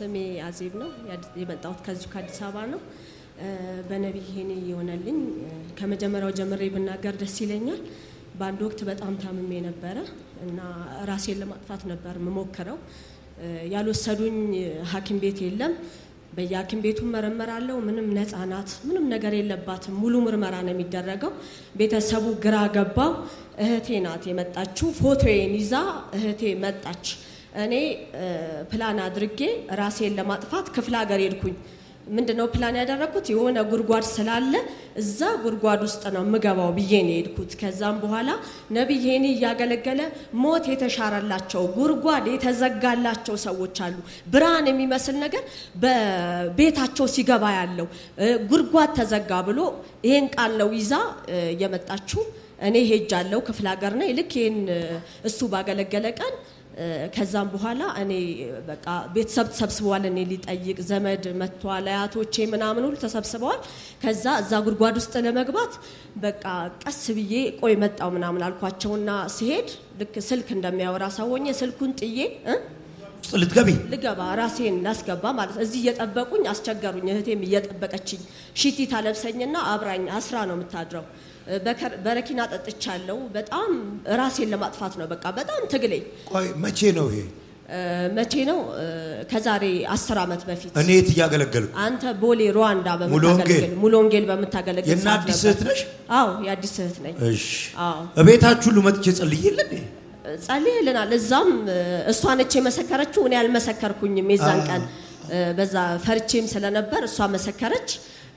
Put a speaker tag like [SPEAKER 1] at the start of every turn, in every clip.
[SPEAKER 1] ስሜ አዜብ ነው። የመጣሁት ከዚሁ ከአዲስ አበባ ነው። በነቢይ ይሄኔ የሆነልኝ ከመጀመሪያው ጀምሬ ብናገር ደስ ይለኛል። በአንድ ወቅት በጣም ታምሜ ነበረ እና ራሴን ለማጥፋት ነበር የምሞክረው። ያልወሰዱኝ ሐኪም ቤት የለም። በየሐኪም ቤቱ መረመራለሁ። ምንም ነፃ ናት፣ ምንም ነገር የለባትም። ሙሉ ምርመራ ነው የሚደረገው። ቤተሰቡ ግራ ገባው። እህቴ ናት የመጣችው። ፎቶዬን ይዛ እህቴ መጣች። እኔ ፕላን አድርጌ ራሴን ለማጥፋት ክፍለ ሀገር ሄድኩኝ። ምንድነው ነው ፕላን ያደረግኩት? የሆነ ጉድጓድ ስላለ እዛ ጉድጓድ ውስጥ ነው የምገባው ብዬ ነው የሄድኩት። ከዛም በኋላ ነቢይ እያገለገለ ሞት የተሻረላቸው ጉድጓድ የተዘጋላቸው ሰዎች አሉ። ብርሃን የሚመስል ነገር በቤታቸው ሲገባ ያለው ጉድጓድ ተዘጋ ብሎ ይሄን ቃል ነው ይዛ የመጣችው። እኔ ሄጃለሁ። ክፍለ ሀገር ነ ልክ ይህን እሱ ባገለገለ ቀን ከዛም በኋላ እኔ በቃ ቤተሰብ ተሰብስበዋል። እኔ ሊጠይቅ ዘመድ መጥቷል፣ አያቶቼ ምናምን ሁሉ ተሰብስበዋል። ከዛ እዛ ጉድጓድ ውስጥ ለመግባት በቃ ቀስ ብዬ ቆይ መጣው ምናምን አልኳቸውና ሲሄድ ልክ ስልክ እንደሚያወራ ሰውኜ ስልኩን ጥዬ ልትገቢ ልገባ ራሴን ላስገባ ማለት እዚህ እየጠበቁኝ አስቸገሩኝ። እህቴም እየጠበቀችኝ ሽቲ ታለብሰኝና አብራኝ አስራ ነው የምታድረው በረኪና ጠጥቻለሁ። በጣም ራሴን ለማጥፋት ነው በቃ በጣም ትግሌ።
[SPEAKER 2] ቆይ መቼ ነው ይሄ?
[SPEAKER 1] መቼ ነው? ከዛሬ አስር ዓመት በፊት እኔ
[SPEAKER 3] የት እያገለገልኩ?
[SPEAKER 1] አንተ ቦሌ ሩዋንዳ በምታገለግል ሙሉ ወንጌል በምታገለግል የና አዲስ እህት ነሽ? አዎ የአዲስ እህት ነኝ። እሺ። አዎ
[SPEAKER 3] እቤታችሁ ሁሉ መጥቼ ጸልዬልን
[SPEAKER 1] ጸልየልናል። እዛም እሷ ነች የመሰከረችው፣ እኔ አልመሰከርኩኝም የዛን ቀን በዛ ፈርቼም ስለነበር እሷ መሰከረች።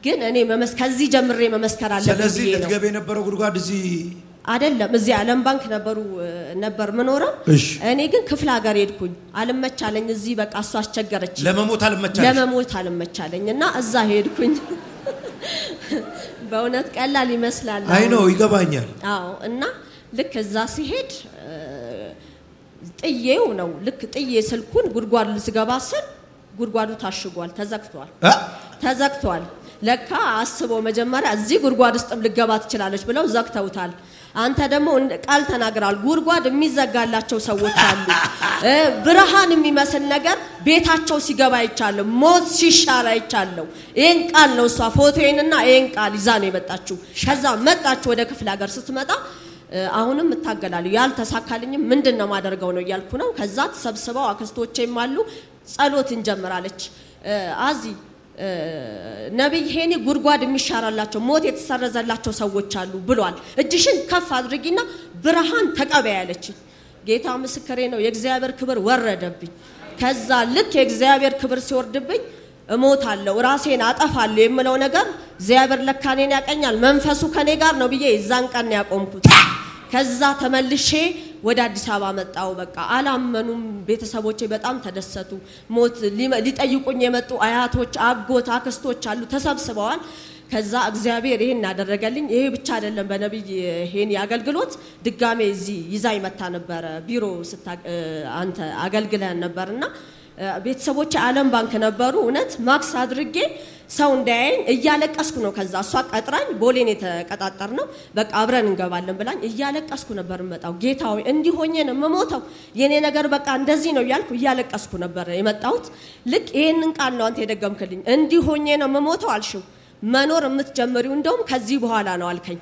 [SPEAKER 1] ግን እኔ ከዚህ ጀምሬ መመስከር አለ። ስለዚህ ልትገባ
[SPEAKER 3] የነበረው ጉድጓድ እዚህ
[SPEAKER 1] አይደለም። እዚህ ዓለም ባንክ ነበሩ ነበር ምኖረው። እኔ ግን ክፍለ ሀገር ሄድኩኝ። አልመቻለኝ። እዚህ በቃ እሱ አስቸገረች። ለመሞት አልመቻለኝ፣ ለመሞት አልመቻለኝ እና እዛ ሄድኩኝ። በእውነት ቀላል ይመስላል። አይ ነው ይገባኛል። አዎ እና ልክ እዛ ሲሄድ ጥዬው ነው ልክ ጥዬ ስልኩን ጉድጓድ ልስገባ ስል ጉድጓዱ ታሽጓል፣ ተዘግቷል፣ ተዘግቷል ለካ አስቦ መጀመሪያ እዚህ ጉድጓድ ውስጥም ልገባ ትችላለች ብለው ዘግተውታል። አንተ ደግሞ ቃል ተናግራል። ጉድጓድ የሚዘጋላቸው ሰዎች አሉ። ብርሃን የሚመስል ነገር ቤታቸው ሲገባ አይቻለሁ፣ ሞት ሲሻር አይቻለሁ። ይህን ቃል ነው እሷ ፎቶዬንና ይህን ቃል ይዛ ነው የመጣችው። ከዛ መጣችሁ ወደ ክፍለ ሀገር ስትመጣ አሁንም እታገላለሁ ያልተሳካልኝም ምንድን ነው ማደርገው ነው እያልኩ ነው። ከዛ ተሰብስበው አክስቶቼም አሉ ጸሎት እንጀምራለች አዚ ነቢይ ሄኒ ጉድጓድ የሚሻራላቸው ሞት የተሰረዘላቸው ሰዎች አሉ ብሏል። እጅሽን ከፍ አድርጊና ብርሃን ተቀበያ ያለችኝ ጌታ ምስክሬ ነው። የእግዚአብሔር ክብር ወረደብኝ። ከዛ ልክ የእግዚአብሔር ክብር ሲወርድብኝ እሞታለሁ፣ ራሴን አጠፋለሁ የምለው ነገር እግዚአብሔር ለካ እኔን ያቀኛል፣ መንፈሱ ከኔ ጋር ነው ብዬ የዛን ቀን ያቆምኩት። ከዛ ተመልሼ ወደ አዲስ አበባ መጣው። በቃ አላመኑም። ቤተሰቦቼ በጣም ተደሰቱ። ሞት ሊጠይቁኝ የመጡ አያቶች፣ አጎት፣ አክስቶች አሉ ተሰብስበዋል። ከዛ እግዚአብሔር ይሄን ያደረገልኝ ይሄ ብቻ አይደለም። በነቢይ ሄኒ አገልግሎት ድጋሜ እዚህ ይዛ መታ ነበረ ቢሮ አንተ አገልግለን ነበርና ቤተሰቦች አለም ባንክ ነበሩ። እውነት ማክስ አድርጌ ሰው እንዳያይን እያለቀስኩ ነው። ከዛ እሷ ቀጥራኝ ቦሌን የተቀጣጠር ነው። በቃ አብረን እንገባለን ብላኝ እያለቀስኩ ነበር እመጣው። ጌታ ሆይ እንዲህ ሆኜ ነው የምሞተው፣ የኔ ነገር በቃ እንደዚህ ነው እያልኩ እያለቀስኩ ነበር የመጣሁት። ልክ ይህንን ቃል ነው አንተ የደገምክልኝ። እንዲህ ሆኜ ነው የምሞተው አልሽው። መኖር የምትጀምሪው እንደውም ከዚህ በኋላ ነው አልከኝ።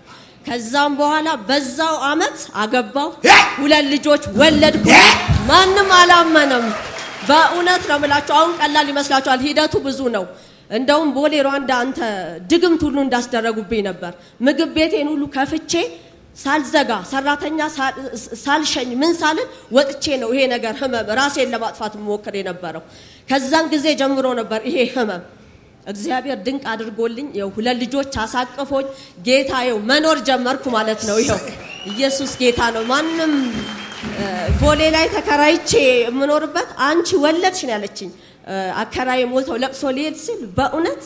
[SPEAKER 1] ከዛም በኋላ በዛው አመት አገባው፣ ሁለት ልጆች ወለድኩ። ማንም አላመነም። በእውነት ነው የምላችሁ። አሁን ቀላል ይመስላችኋል፣ ሂደቱ ብዙ ነው። እንደውም ቦሌ ሩዋንዳ አንተ ድግምት ሁሉ እንዳስደረጉብኝ ነበር። ምግብ ቤቴን ሁሉ ከፍቼ ሳልዘጋ ሰራተኛ ሳልሸኝ ምን ሳልን ወጥቼ ነው ይሄ ነገር ህመም ራሴን ለማጥፋት ሞክር የነበረው። ከዛን ጊዜ ጀምሮ ነበር ይሄ ህመም እግዚአብሔር ድንቅ አድርጎልኝ ይኸው ሁለት ልጆች አሳቅፎኝ ጌታ ይኸው መኖር ጀመርኩ ማለት ነው። ይኸው ኢየሱስ ጌታ ነው። ማንም ቦሌ ላይ ተከራይቼ የምኖርበት አንቺ ወለድሽ ነው ያለችኝ። አከራይ ሞተው ለቅሶ ሊሄድ ሲል በእውነት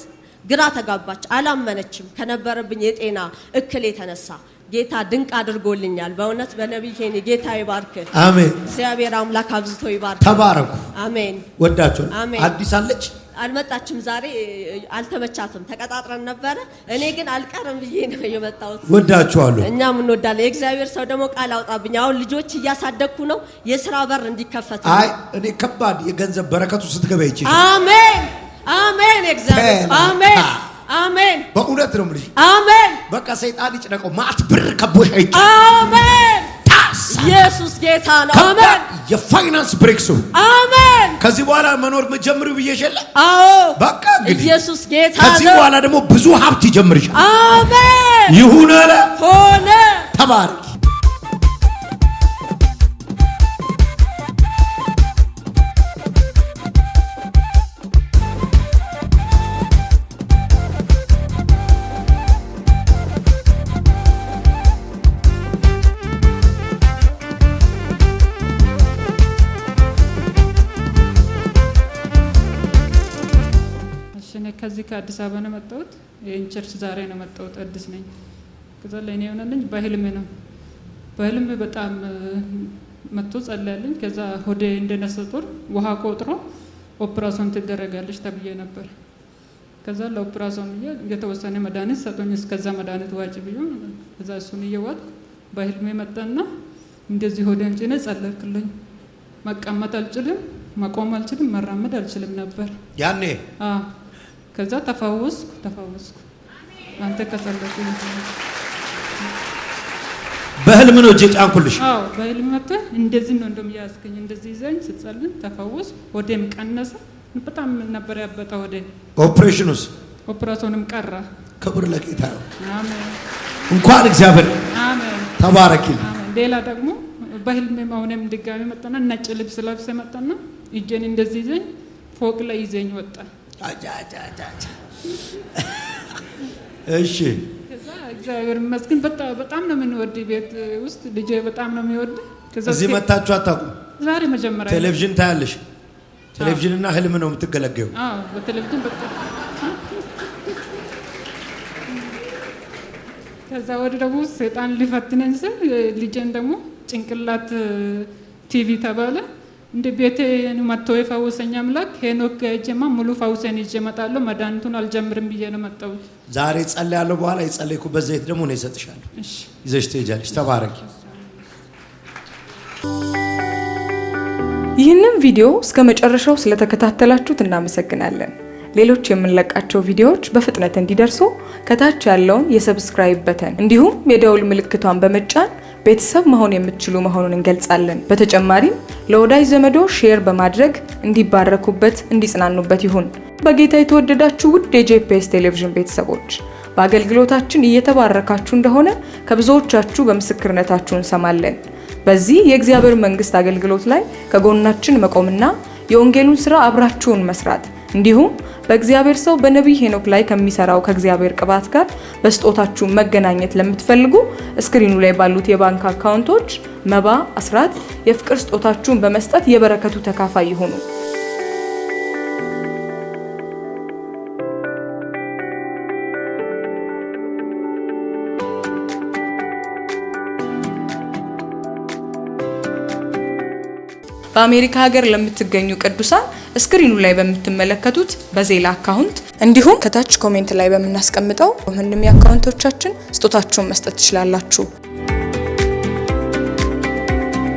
[SPEAKER 1] ግራ ተጋባች። አላመነችም ከነበረብኝ የጤና እክል የተነሳ ጌታ ድንቅ አድርጎልኛል። በእውነት በነቢይ ኬኒ ጌታ ይባርክ። አሜን። እግዚአብሔር አምላክ አብዝቶ ይባርክ። ተባረኩ። አሜን። ወዳችሁ አዲስ አለች አልመጣችም። ዛሬ አልተመቻትም። ተቀጣጥረን ነበረ። እኔ ግን አልቀርም ብዬ ነው የመጣሁት። ወዳችኋለሁ። እኛም እንወዳለን። የእግዚአብሔር ሰው ደግሞ ቃል አውጣብኝ። አሁን ልጆች እያሳደግኩ ነው። የስራ በር እንዲከፈት አይ
[SPEAKER 3] እኔ ከባድ የገንዘብ በረከቱ ስትገባ ይችል።
[SPEAKER 1] አሜን፣ አሜን። እግዚአብሔር አሜን፣ አሜን።
[SPEAKER 3] በእውነት ነው የምልሽ።
[SPEAKER 1] አሜን። በቃ ሰይጣን ይጭነቀው። ማት ብር ከቦሻ ይጭ። አሜን። ኢየሱስ ጌታ ነው። አሜን።
[SPEAKER 3] የፋይናንስ ብሬክሱ አሜን ከዚህ በኋላ መኖር መጀመሩ ብዬሽላ። አዎ በቃ
[SPEAKER 1] ኢየሱስ ጌታ ነው። ከዚህ በኋላ
[SPEAKER 3] ደግሞ ብዙ ሀብት ይጀምርሻል።
[SPEAKER 1] አሜን። ይሁን አለ ሆነ።
[SPEAKER 3] ተባረክ።
[SPEAKER 2] ከአዲስ አበባ ነው መጣሁት። ይህን ቸርች ዛሬ ነው መጣሁት። አዲስ ነኝ። ከዛ ለእኔ የሆነልኝ በህልም ነው። በህልም በጣም መጥቶ ጸለያለኝ። ከዛ ሆዴ እንደነሰ ጦር ውሃ ቆጥሮ ኦፕራሶን ትደረጋለች ተብዬ ነበር። ከዛ ለኦፕራሶን ብዬ የተወሰነ መድኃኒት ሰጡኝ። እስከዛ መድኃኒት ዋጭ ብዩ። ከዛ እሱን እየዋጥ በህልሜ መጠና እንደዚህ ሆዴን ጭነ ጸለክልኝ። መቀመጥ አልችልም፣ መቆም አልችልም፣ መራመድ አልችልም ነበር ያኔ ከዛ ተፈወስኩ ተፈወስኩ። አንተ ከጸለይኩ በህልም ነው እጄ ጫንኩልሽ። አዎ በህልም መጥቶ እንደዚህ ነው እንደም ያዝከኝ እንደዚህ ይዘኝ ስጸልን ተፈወስኩ። ወደም ቀነሰ። በጣም ነበር ያበጠ ወደ ኦፕሬሽኑስ ኦፕራሲዮንም ቀረ።
[SPEAKER 3] ክብር ለጌታ ነው። እንኳን እግዚአብሔር አሜን። ተባረኪ።
[SPEAKER 2] ሌላ ደግሞ በህልም አሁንም ድጋሚ መጣና ነጭ ልብስ ለብሰ መጣና እጄን እንደዚህ ይዘኝ ፎቅ ላይ ይዘኝ ወጣ። እሺ እግዚአብሔር ይመስገን በጣም ነው የምንወድ። ቤት ውስጥ ልጄ በጣም ነው የሚወድ። እዚህ መታችሁ አታውቁም? ዛሬ መጀመሪያ ቴሌቪዥን
[SPEAKER 3] ታያለሽ። ቴሌቪዥንና ህልም ነው የምትገለገዩ።
[SPEAKER 2] በቴሌቪዥን ከዛ ወደ ደግሞ ሰይጣን ሊፈትነን ስል ልጄን ደግሞ ጭንቅላት ቲቪ ተባለ እንደ ቤቴን መጥቶ የፈወሰኝ አምላክ ሄኖክ ጋር ሙሉ ፈውሴን ይዤ እመጣለሁ። መድኃኒቱን አልጀምርም ብዬ ነው መጣሁት።
[SPEAKER 3] ዛሬ ጸልያለሁ። በኋላ የጸለይኩበት ዘይት ደግሞ እኔ እሰጥሻለሁ፣ ይዘሽ ትሄጃለሽ። ተባረኪ። ይህንን ቪዲዮ እስከ መጨረሻው ስለተከታተላችሁት እናመሰግናለን። ሌሎች የምንለቃቸው ቪዲዮዎች በፍጥነት እንዲደርሱ ከታች ያለውን የሰብስክራይብ በተን እንዲሁም የደውል ምልክቷን በመጫን ቤተሰብ መሆን የምትችሉ መሆኑን እንገልጻለን። በተጨማሪም ለወዳጅ ዘመዶ ሼር በማድረግ እንዲባረኩበት፣ እንዲጽናኑበት ይሁን። በጌታ የተወደዳችሁ ውድ የጄፒኤስ ቴሌቪዥን ቤተሰቦች በአገልግሎታችን እየተባረካችሁ እንደሆነ ከብዙዎቻችሁ በምስክርነታችሁ እንሰማለን። በዚህ የእግዚአብሔር መንግስት አገልግሎት ላይ ከጎናችን መቆምና የወንጌሉን ስራ አብራችሁን መስራት እንዲሁም በእግዚአብሔር ሰው በነቢይ ሄኖክ ላይ ከሚሰራው ከእግዚአብሔር ቅባት ጋር በስጦታችሁ መገናኘት ለምትፈልጉ እስክሪኑ ላይ ባሉት የባንክ አካውንቶች መባ፣ አስራት፣ የፍቅር ስጦታችሁን በመስጠት የበረከቱ ተካፋይ ይሆኑ። በአሜሪካ ሀገር ለምትገኙ ቅዱሳን ስክሪኑ ላይ በምትመለከቱት በዜላ አካውንት እንዲሁም ከታች ኮሜንት ላይ በምናስቀምጠው ምንም አካውንቶቻችን ስጦታችሁን መስጠት ትችላላችሁ።